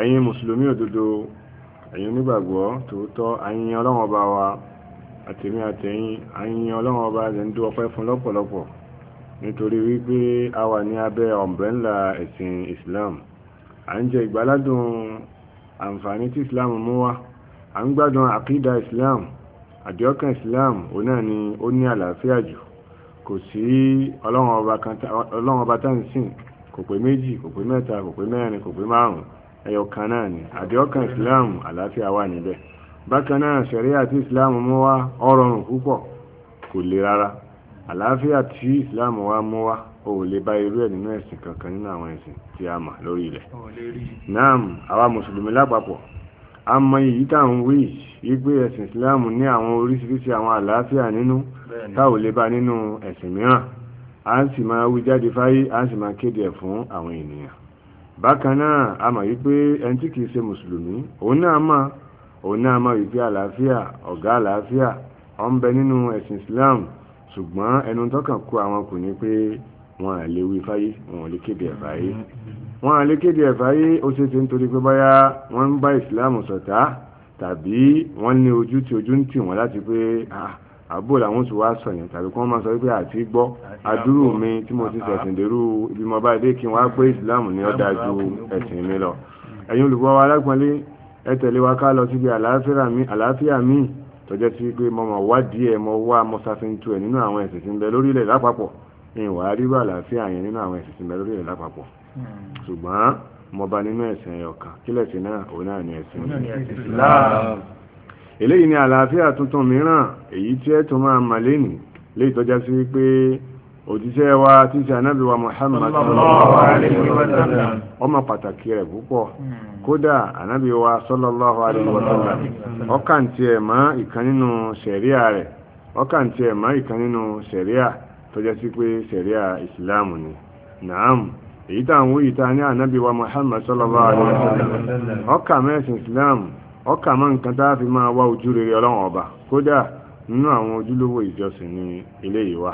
ẹ̀yin mùsùlùmí òdodo ẹ̀yin onígbàgbọ́ tòótọ́ ayin ọlọ́run ọba wa àtẹ̀mí àtẹ̀yìn ayin ọlọ́run ọba rẹ̀ ń dú ọpẹ́ fún lọ́pọ̀lọpọ̀ nítorí wípé a wà ní abẹ́ ọ̀mbrẹ́ńlà ẹ̀sìn Islam à ń jẹ ìgbáládùn àǹfààní tí Islam mú wá à ń gbádùn àkídà Islam àdìọ́kàn Islam òun náà ni ó ní àlàáfíà jù kò sí ọlọ́run ọba tá ń sìn kò pé méjì kò pé mẹ́ta kò pé mẹ́rin kò pé márùn-ún ẹyọkan náà ni àdéhọ́kàn islam àlàáfíà wà níbẹ̀ bákan náà ṣẹ̀ríà tí islam mú wá ọrọ̀rùn púpọ̀ kò le rárá àlàáfíà tí islam wá mú wá o lè bá irú ẹ̀ nínú ẹ̀sìn kankan nínú àwọn ẹ̀sìn tí a mà lórí ilẹ̀ naam àwa mùsùlùmí lápapọ̀ a mọ èyí táwọn wí wípé ẹ̀sìn islam ní àwọn oríṣiríṣi àwọn àlàáfíà nínú tá ò lè bá nínú ẹ̀sìn mìíràn a sì máa wí jáde fáyé a sì máa kéde ẹ̀ fún àwọn ènìyàn bákan náà a mọ̀ wípé ẹni tí kìí ṣe mùsùlùmí òun náà mọ̀ òun náà mọ̀ wípé àlàáfíà ọ̀gá àlàáfíà ó ń bẹ nínú ẹ̀sìn Islam ṣùgbọ́n ẹnu tọ́kàn kú àwọn kò ní pé wọn à lè wí fáyé wọn ò lè kéde ẹ̀ fáyé wọn à lè kéde ẹ̀ fáyé ó ṣeé ṣe nítorí pé báyá wọ́n ń bá Islam ṣọ̀tá tàbí wọ́n ní ojú tí ojú ń tì wọ́n láti pé ah àbúrò làwọn sì wá sọyìn tàbí kí wọ́n máa sọ wípé àti gbọ́ adúrú mi tí mo ti ṣẹ̀sìn dèrú ibi bá dé kí wọ́n á pé ìsìláàmù ni ó ju ẹ̀sìn mi lọ ẹ̀yin olùkọ́ wa alágbọ̀nlé ẹ tẹ̀lé wa ká lọ síbi àlàáfíà mi tọ́jọ́ sí pé mo mọ̀ wádìí ẹ̀ mo wá mo ṣàfihàn ẹ̀ nínú àwọn ẹ̀sìn tí ń bẹ lórílẹ̀ lápapọ̀ ìwà rírọ̀ àlàáfíà yẹn nínú àwọn ẹ̀sìn tí ń bẹ lórílẹ̀ lápapọ̀ ṣùgbọ́n mo bá nínú ẹ̀sìn ẹ̀yọ̀kan kílẹ̀sìn náà òun náà ni ẹ̀sìn eléyìí ni àlàáfíà tuntun mìíràn èyí tí ẹ tún máa mà lénìí lè tọ́já sí wípé òjíṣẹ́ wa tí ṣe ànábì wa Muhammad ọmọ pàtàkì rẹ̀ púpọ̀ kódà ànábì wa sallallahu alaihi ẹ̀ mọ́ ìkan nínú sẹ̀ríà rẹ̀ ọkàn ẹ̀ mọ́ ìkan nínú sẹ̀ríà tọ́já sí pé sẹ̀ríà ni naam èyí ọkà mọ́ nǹkan tá a fi máa wá ojú rere ọlọ́run ọba kódà nínú àwọn ojúlówó ìjọsìn ní eléyìí wà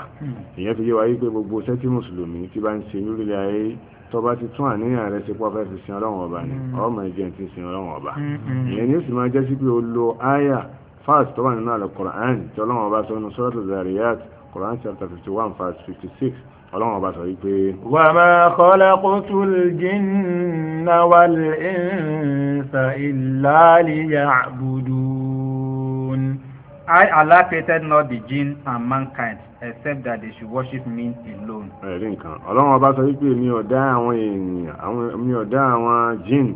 ìyẹn fi yé wa wípé gbogbo sẹ́tí mùsùlùmí tí bá ń ṣe lórílẹ̀ ayé tọba ti tún àníyàn rẹ ṣe pọ́ fẹ́ fi sin ọlọ́run ọba ni ọmọ ìjẹun ti sin ọlọ́run ọba mm, mm. ìyẹn ni ó sì máa jẹ́ sí pé ó lo áyà fáàsì tó wà nínú àlùkùránì tí ọlọ́run ọba sọ nínú sọ́rọ́tò zariyat Quran chapter fifty one verse fifty six ọlọ́run ọba sọ wípé. wà á máa kọ́lá kótó jìnnà wà lẹ́ǹsà ìlàlíyà àbùdù. I, Allah created not the jinn and mankind except that they should worship me alone. ẹ̀rí nǹkan ọlọ́run ọba sọ wípé mi ò dá àwọn ènìyàn mi ò dá àwọn jinn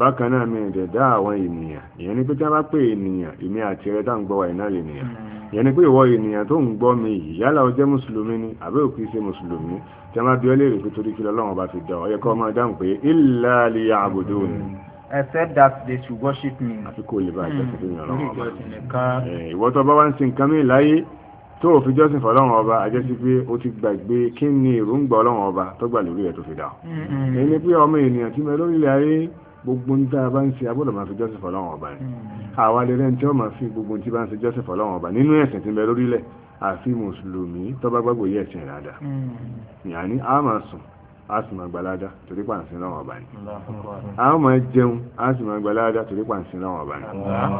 bákan náà mi ò dẹ̀ dá àwọn ènìyàn ìyẹn ni pé tí wọ́n bá pè ènìyàn èmi àti ẹ̀rẹ́ tá à ń gbọ́ wà iná lè nìyàn. Hmm ìyẹn ni pé ìwọ ènìyàn tó ń gbọ́ mi yìí yálà ó jẹ́ mùsùlùmí ni àbẹ́ òkú ṣe mùsùlùmí tí a máa bí ọ léèrè pé torí kí lọ́lọ́run ọba fi dá ọ yẹ kó máa dáhùn pé illa liya'budun ni. except that they should worship me. àfi kò lè bá àjẹ́ sí fún ìyànlọ́wọ́ ọba. Hmm. ìwọ tó bá wá ń sin nǹkan mi láyé tó o jọ́sìn fọlọ́run ọba àjẹsí pé o ti gbàgbé kí ni èròǹgbà ọlọ́run ọba tó gbà lórí ẹ̀ tó fi dá ọ. èyí hmm, hmm. pé ọmọ ènìyàn tí mo lórí ayé gbogbo ń dá a bá ń ṣe abúlọ̀ máa fi jọ́sìn fọlọ́wọ́n ọba yẹn mm. àwa lè rẹ́ni tí ó máa fi gbogbo tí bá ń ṣe jọ́sìn fọlọ́wọ́n ọba nínú ẹ̀sìn tí ń bẹ lórílẹ̀ àfi mùsùlùmí tó bá gbàgbọ́ yẹ̀ ẹ̀sìn rẹ̀ dáadáa mm. yàní a máa sùn a sì máa gbalada torí pàǹsìn náà ọba ni a ó máa jẹun a sì máa gbalada torí pàǹsìn náà ọba ni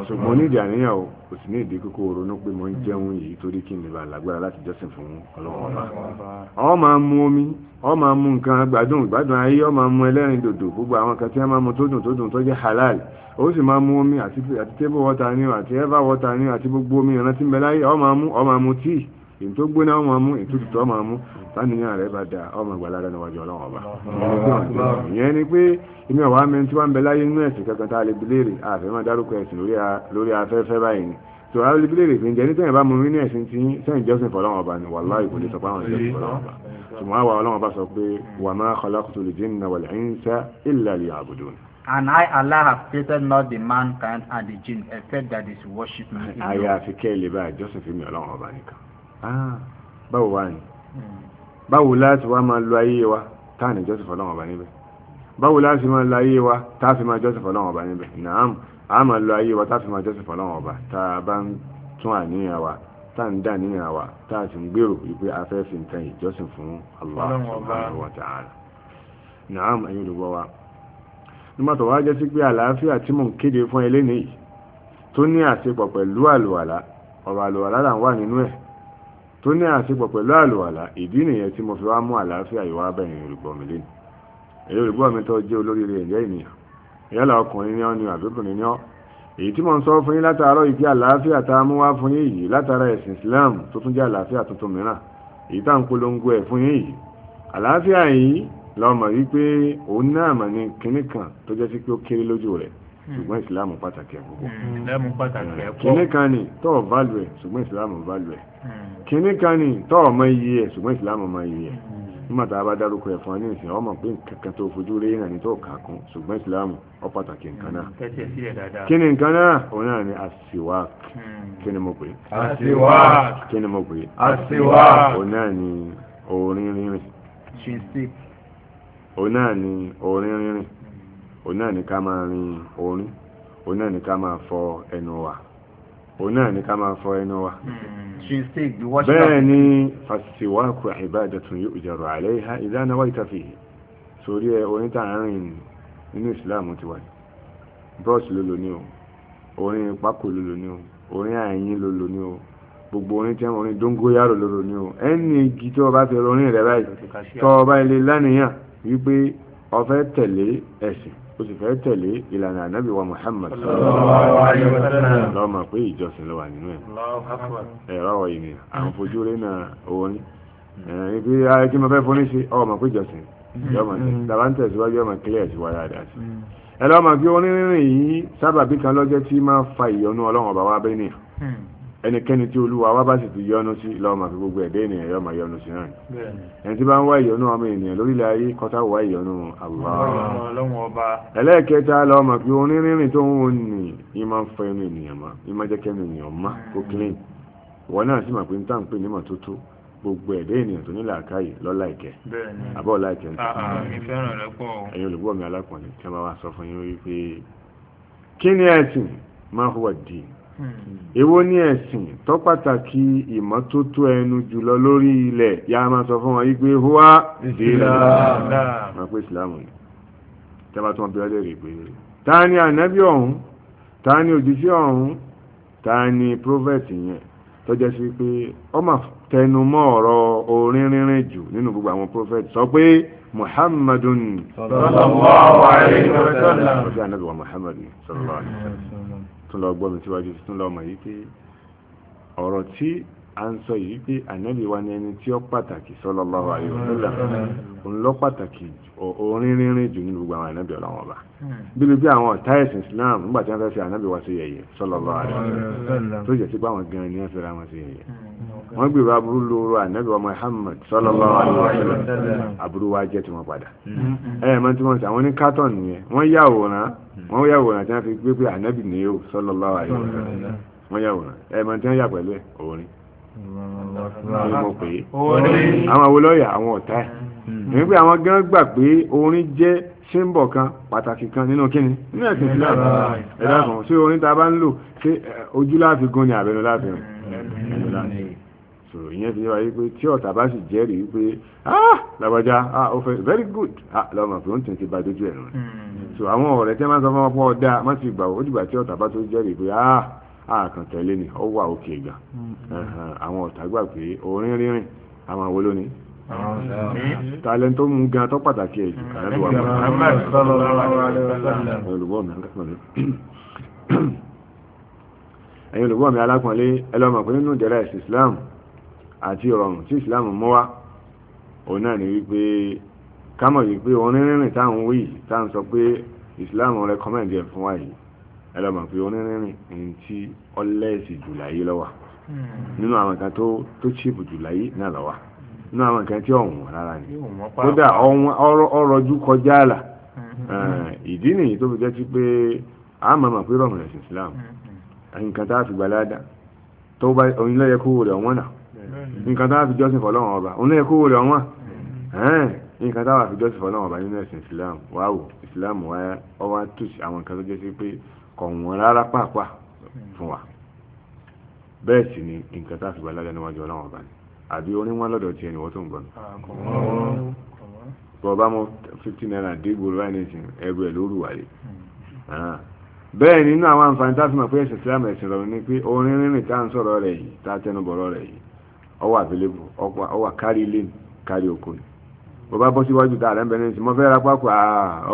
ṣùgbọ́n onídìí àníyàn o kò sì ní ìdí kókó ronú pé mo ń jẹun yìí torí kí n lè bá lágbára láti jọ́sìn fún ọlọ́run ọba ọ máa mu omi ọ máa mu nǹkan gbádùn ìgbádùn ayé ọ máa mu ẹlẹ́rìn dòdò gbogbo àwọn kan tí wọ́n máa mu tó dùn tó jẹ́ halal ó sì máa mu omi àti table water ni àti ever water ni àti gbogbo omi ìrántí mbẹ́láyé ọ máa mu ọ máa mu tíì èyí gbóná ọmọ mú ìtútù ọmọ mú tánìyàn rẹ̀ bá da ọmọ ìgbàlára níwájú ọlọ́run ọba ìyẹn ni pé inú ọ̀wá mẹ́rin tí wọ́n bẹ láyé inú ẹ̀sìn kankan tá a lè bilérè àfẹ́ máa dárúkọ ẹ̀sìn lórí afẹ́fẹ́ báyìí ni tó a lè bilérè pé ǹjẹ́ ní tẹ̀yìn bá mu nínú ẹ̀sìn tí sẹ́yìn jọ́sìn fọlọ́run ọba ni wàláhì kò lè sọ pé àwọn ìjọ́sìn fọlọ́run ọba ṣùgbọ́n àwa And I, Allah, have created not the mankind and the jinn except that is worship me. Àyàfi kẹ́ ilé báyìí, Jọ́sìn fi mi ọlọ́run ọba nìkan. Ah, báwo wá ní báwo láti wá máa lo ayé wa táà ní jọ́sìn níbẹ̀ báwo láti máa lo ayé wa táà fi máa jọ́sìn ọba níbẹ̀ nàám a máa lo ayé wa táà fi máa joseph fọ́lọ́run ọba tá a bá ń tún àníyàn wa tá a ń dà níyàn wa tá a sì ń gbèrò wípé a fẹ́ fi nǹkan ìjọ́sìn fún Allah subhanahu wa ta'ala nàám ẹ̀yin olùgbọ́ wa nígbà tó wá jẹ́ sí pé àlàáfíà tí mò ń kéde fún tó ní àṣepọ̀ pẹ̀lú àlùwàlà ìdí nìyẹn tí mo fi wá mú àlàáfíà ìwà abẹ́yìn olùgbọ́ mi lé èyí olùgbọ́ tó jẹ́ olóríire ẹ̀jẹ̀ ènìyàn yálà ọkùnrin ni ọ́ ni àbíkùnrin ni ọ́ èyí tí mo ń sọ fún yín látàárọ̀ ìdí àlàáfíà tá a mú wá fún yín yìí látara ẹ̀sìn Islam tó tún jẹ́ àlàáfíà tuntun mìíràn èyí tá à ń polongo ẹ̀ fún yín yìí àlàáfíà yìí lọ́mọ wípé òun náà mà ní kinní kan tó jẹ́ sí pé ó kéré lójú rẹ̀ ṣùgbọ́n ìsìláàmù pàtàkì ẹ̀ púpọ̀ hmm, kìíní kan ní tọ́ọ̀ válù ẹ̀ ṣùgbọ́n ìsìláàmù válù ẹ̀ hmm. kìíní kan ní tọ́ọ̀ mọ iye ẹ̀ ṣùgbọ́n ìsìláàmù mọ iye ẹ̀ hmm. nígbà tá a bá dárúkọ ẹ̀fọn ní ìsìn ọmọ pé nǹkan tó fojú rí náà ní tó kà kún ṣùgbọ́n ìsìláàmù ọ pàtàkì nǹkan náà kí ni nǹkan náà òun náà ni àṣìwák kí mo pè àṣìwák kí mo pè àṣìwák òun náà ni orin rínrin òun náà ní ká máa rin orin òun náà ní ká máa fọ ẹnu wa òun náà ní ká máa fọ ẹnu wa hmm, bẹ́ẹ̀ ni fasiwákù ibadatun yu'jaru alayha idha nawaita fihi sórí ẹ oníta àárín nínú ìsìláàmù ti wáyé bros ló lò ní o orin pákó ló lò ní o orin àyín ló lò ní o gbogbo orin tẹ́ orin dóngóyàrò ló lò ní o ẹni igi tí o bá fi orin rẹ̀ báyìí tọ́ ọba ilé lánìyàn wípé o tẹ̀lé ẹ̀sìn ó sì fẹ́ tẹ̀lé ìlànà ànábì wa Muhammad lọ́mọ pé ìjọsìn ló nínú ẹ̀ ẹ̀rọ ọ̀yìn ni à ń fojú rí na orin ibi ayé tí mo fẹ́ fún ní sí ọmọ pé ìjọsìn yọmọ tàbá ń tẹ̀síwájú ọmọ kílẹ̀ sí wa dáadáa sí ẹ̀rọ ọmọ bí onírìnrìn yìí sábàbí kan lọ́jọ́ tí máa fa ìyọnu ọlọ́run ọba wa bẹ́ẹ̀ nìyà ẹnikẹ́ni tí olúwa wá bá sì ti yọ́nú sí lọ́wọ́ màfi gbogbo ẹ̀dẹ́ ènìyàn yọ́ máa yọ́nú sí náà ẹni tí bá ń wá ìyọ́nú ọmọ ènìyàn lórílẹ̀ ayé kọ́tà wá ìyọ́nú Allah ẹlẹ́ẹ̀kẹta lọ́wọ́ màfi onírìnrìn tó ń wò ní ìmọ̀ ń fọ ẹnu ènìyàn má ìmọ̀ jẹ́ kẹ́nu ènìyàn má kó clean wọn náà sì mà pé ń tà ń pè ní mọ́tótó gbogbo ẹ̀dẹ́ ènìyàn tó nílà àkáyè lọ́la ìkẹ́ àbọ̀ ah, ah, ọ̀la ìkẹ́ ẹ̀yin olùgbọ́ mi alákùnrin tí wọ́n bá wá sọ fún yín wípé kí ni ẹ̀sìn máa Hmm. èwo ni ẹ̀sìn tó pàtàkì ìmọ́tótó ẹnu jùlọ lórí ilẹ̀ ya máa sọ fún wọn wípé húwá ìsìláàmù pé ìsìláàmù ni tẹ́bà tó wọn bí ọlẹ́rìí pé ta ni ànábì ọ̀hún ta ni òjíṣẹ́ ọ̀hún ta ni prophet yẹn tó jẹ́ sí pé ó máa tẹnu mọ́ ọ̀rọ̀ orin rínrin jù nínú gbogbo àwọn prophet sọ pé muhammadun sallallahu alaihi wasallam ọjọ́ ànábì wa muhammadun sallallahu tún lọ gbọ́ mi síwájú ti tún lọ mọ̀ yìí pé ọ̀rọ̀ tí a ń sọ yìí pé ànábì wa ni ẹni tí ó pàtàkì sallallahu alaihi wasallam òun lọ pàtàkì orin rínrin jù nínú gbogbo àwọn ànábì ọlọ́wọ́n ọba hmm. bíbi bí àwọn ọ̀tá ẹ̀sìn Islam nígbà tí wọ́n fẹ́ fi ànábì wa sí yẹ̀yẹ́ sallallahu alaihi wasallam tó jẹ́ sí pé àwọn gan-an ni wọ́n fẹ́ra wọn sí yẹ̀yẹ́ hmm. wọ́n gbèrò aburú lóru ànábì wa Muhammad sallallahu alaihi wasallam aburú wa jẹ́ hmm. tí wọ́n padà ẹ̀ẹ́mọ́ tí wọ́n sọ àwọn ní kátọ́ọ̀nù yẹn wọ́n yà òòrán Mm. wọ́n yàwòrán tí wọ́n fi gbé pé ànábì ní yóò sallallahu alaihi wasallam mm. wọ́n yàwòrán ẹ̀mọ̀ tí wọ́n yà pẹ̀lú ẹ̀ orin ni mm. mo pè é àwọn awolọ́yà àwọn ọ̀tá ẹ̀ ní pé àwọn gan gbà pé orin jẹ́ símbọ̀ kan pàtàkì kan nínú kíni nínú ẹ̀sìn Islam ẹ̀dá kan ṣé orin ta bá ń lò ṣé ojú láàfin gan ni àbẹ̀nu láàfin rìn so ìyẹn fi wáyé pé tí ọ̀tá bá sì jẹ́rìí pé ah làbàjá ah ó fẹ́ very good ah lọ́mọ pé ó ń tẹ̀ ti ba dojú ẹ̀ rẹ̀ so àwọn ọ̀rẹ́ tẹ́ máa sọ fún ọmọ pọ́ ti gbà ó dìgbà tí ọ̀tá bá tó jẹ́rìí pé ah àkàn ah, tẹ̀lé ni ó wà òkè gbà hmm. àwọn ọ̀tá gbà pé orin rínrin àwọn àwọn olóni hmm. talent tó mú gan tó pàtàkì ẹ̀jù àrẹ́lúwà ẹ̀yìn olùgbọ́ mi alákùnlé ẹlọ́mọ̀ pé nínú ìjẹ́rẹ́ ìsìsìláàmù àti ìrọ̀rùn tí islam mú wá òun náà ni wípé kámọ̀ yìí pé onírìnrìn táwọn wí táwọn sọ pé islam recommend ẹ̀ fún wa yìí ẹ lọ́mọ pé onírìnrìn ní ti ọlẹ́sì jùláyé lọ́wà hmm. nínú àwọn kan tó chíìpù jùláyé náà lọ́wà nínú àwọn kan tí ọ̀wọ̀n rárá ni kódà ọrọ̀jú kọjá àlà hmm. ìdí nìyí tó fi jẹ́ sí pé a máa mọ̀ pé rọ̀mùnẹ̀sì islam hmm. nǹkan tá a fi gbalada tó bá oyin lọ́yẹ rẹ̀ wọ́n náà nǹkan tá a fi jọ́sìn fọlọ́wọ́n ọba òun náà kó rẹ̀ wọ́n nǹkan tá a fi jọ́sìn fọlọ́wọ́n ọba nínú ẹ̀sìn Islam wàá Islam wáyà ọwọ́ àtúnṣe àwọn nǹkan tó jẹ́ sí pé wa bẹ́ẹ̀ sì ni nǹkan tá a fi balaga níwájú ọba ni àbí oníwọ́n lọ́dọ̀ tiẹ̀ ni wọ́n tó ń gbọ́n naira dé gbòòrò bẹ́ẹ̀ ọwọ́ àbílẹ́bù ọwọ́ kárí ilé ni kárí oko ni bó bá bọ́ síwájú tá a rẹ̀ ń bẹ̀rẹ̀ sí mo fẹ́ ra pákó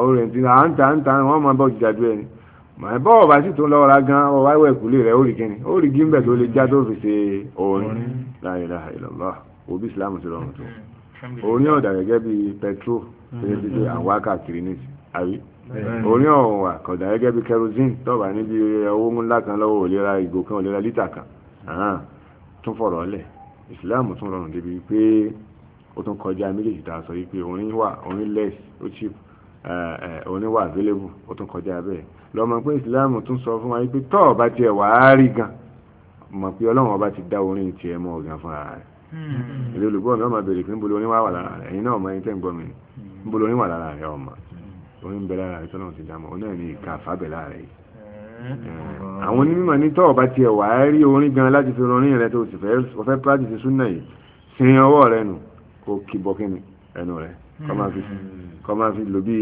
ọ̀rẹ́ ti à ń ta ń ta wọ́n máa bọ́ jíjà dúró ẹni màá bọ́ ọ̀bá sì tó lọ́ra gan ọwọ́ àìwọ̀ ìkúlé rẹ̀ ó rí kíni ó rí gímbẹ̀ tó lè já tó fi ṣe òun òbí islam ti rọrùn tó ìsìláàmù tún rọrùn débi pé ó tún kọjá méjèèjì tá a sọ wípé orin wà orin less ó cheap orin wà available ó tún kọjá bẹ́ẹ̀ lọ́mọ pé ìsìláàmù tún sọ fún wa wípé tọ́ ọba tiẹ̀ wàá rí gan mọ̀ pé ọlọ́run ọba ti dá orin tiẹ̀ mọ́ ọ̀gàn fúnra rẹ̀ hmm. ilé olùgbọ́n náà máa bèèrè pé níbo lórin wà wà lára rẹ̀ ẹ̀yin náà ọmọ ẹ̀yin tẹ́ ń gbọ́ mi níbo lórin wà lára rẹ̀ ọmọ orin bẹ lára rẹ̀ tọ́lọ́run ti dá mọ́ ọ náà ní ìka àfábẹ̀ lára rẹ̀ yìí Mm. àwọn onímọ̀ ní tọ́ ọ̀bá tiẹ̀ wà á rí orin gan láti fi rọrin rẹ tó sì fẹ́ practice súnà yìí sin ọwọ́ rẹ nù kó kìbọ́ kíni ẹnu rẹ kọ́ máa fi kọ́ máa fi lò bí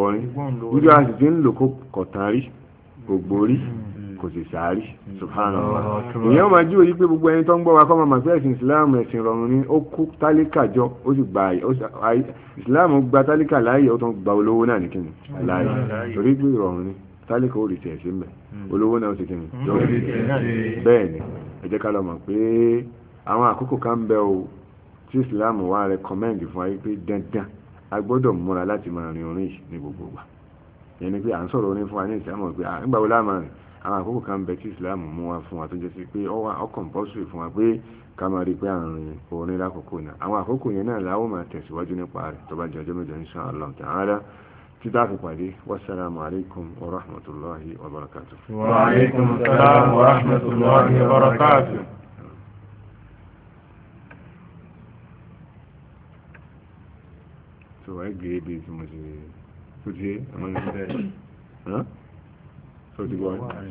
orin wíjọ a sì ti ń lò kó kọ̀tàn rí gbogbo rí kò sì sàárì subhanallah ìyẹn máa jí òyí pé gbogbo ẹni tó ń gbọ́ wa kọ́ máa pé ẹ̀sìn ìsìláàmù ẹ̀sìn rọrùn ni ó kú tálíkà jọ ó sì gba ìsìláàmù gba tálíkà láàyè ó tún gba olówó náà ní kíni láàyè torí pé ìrọ̀rùn ni tálíkà ó rí tiẹ̀ sí mẹ́ hmm. olówó náà ó hmm. ti kìnnì bẹ́ẹ̀ ni ẹ jẹ́ ká lọ mọ̀ pé àwọn àkókò kan bẹ o tí Islam wá rẹkọmẹ́ndì fún ayé pé dandan a gbọ́dọ̀ múra láti máa rin orin ní gbogbo wa ẹni pé à ń sọ̀rọ̀ orin fún wa ní ìsìlámù pé nígbà wo láàmà rìn àwọn àkókò kan bẹ tí Islam mú wa fún wa tó jẹ́ sí pé ó compulsory fún wa pé ká máa rí pé à ń rin orin lákòókò náà àwọn àkókò yẹn náà làwọn máa tẹ̀síwájú nípa rẹ̀ tó bá jẹ́ ọjọ́ mẹ́jọ insha Allah ta'ala كتابه قدي والسلام عليكم ورحمة الله وبركاته وعليكم السلام ورحمة الله وبركاته سواء جيبي سمجي سوتي أمان ها سوتي قوي